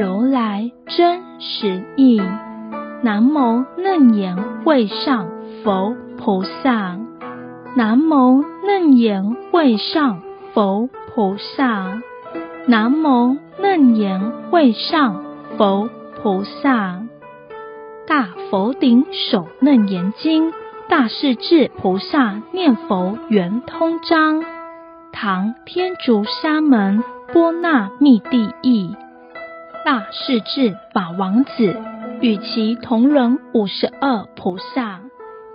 如來真實義，南無楞嚴會上佛菩薩，南無楞嚴會上佛菩薩，南無楞嚴會上佛菩薩。菩薩《大佛頂首楞嚴經》大勢至菩薩念佛圓通章，唐天竺沙門般剌蜜帝譯。大勢至法王子與其同倫五十二菩薩，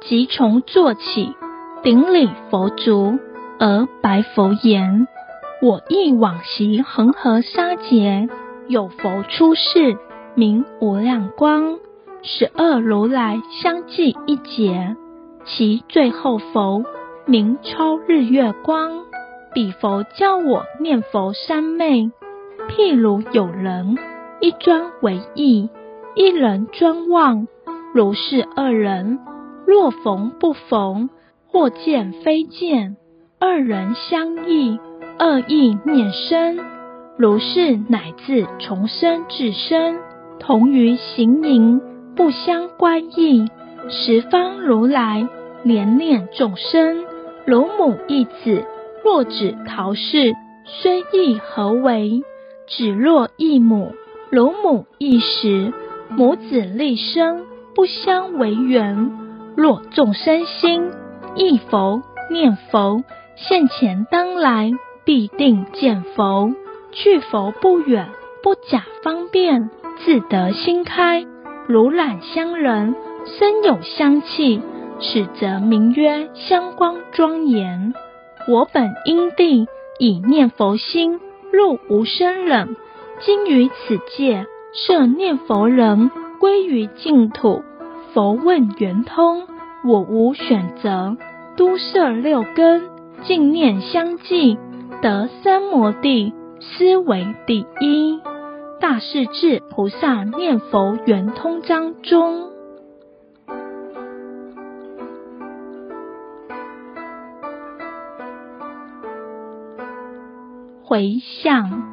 即從坐起，頂禮佛足，而白佛言：我憶往昔恆河沙劫，有佛出世，名無量光，十二如來相繼一劫，其最後佛名超日月光，彼佛教我念佛三昧。譬如有人。一專為憶，一人專忘。如是二人，若逢不逢，或見非見。二人相憶，二憶念深。如是乃至從生至生，同於形影，不相乖異。十方如來憐念眾生，如母憶子，若子逃逝，雖憶何為？子若憶母。如母憶時，母子歷生，不相違遠。若眾生心，憶佛念佛，現前當來，必定見佛。去佛不遠，不假方便，自得心開。如染香人，身有香氣，此則名曰香光莊嚴。我本因地，以念佛心，入無生忍。今於此界攝念佛人歸於淨土，佛問圓通，我無選擇，都攝六根，淨念相繼，得三摩地，斯為第一。大勢至菩薩念佛圓通章中，回向。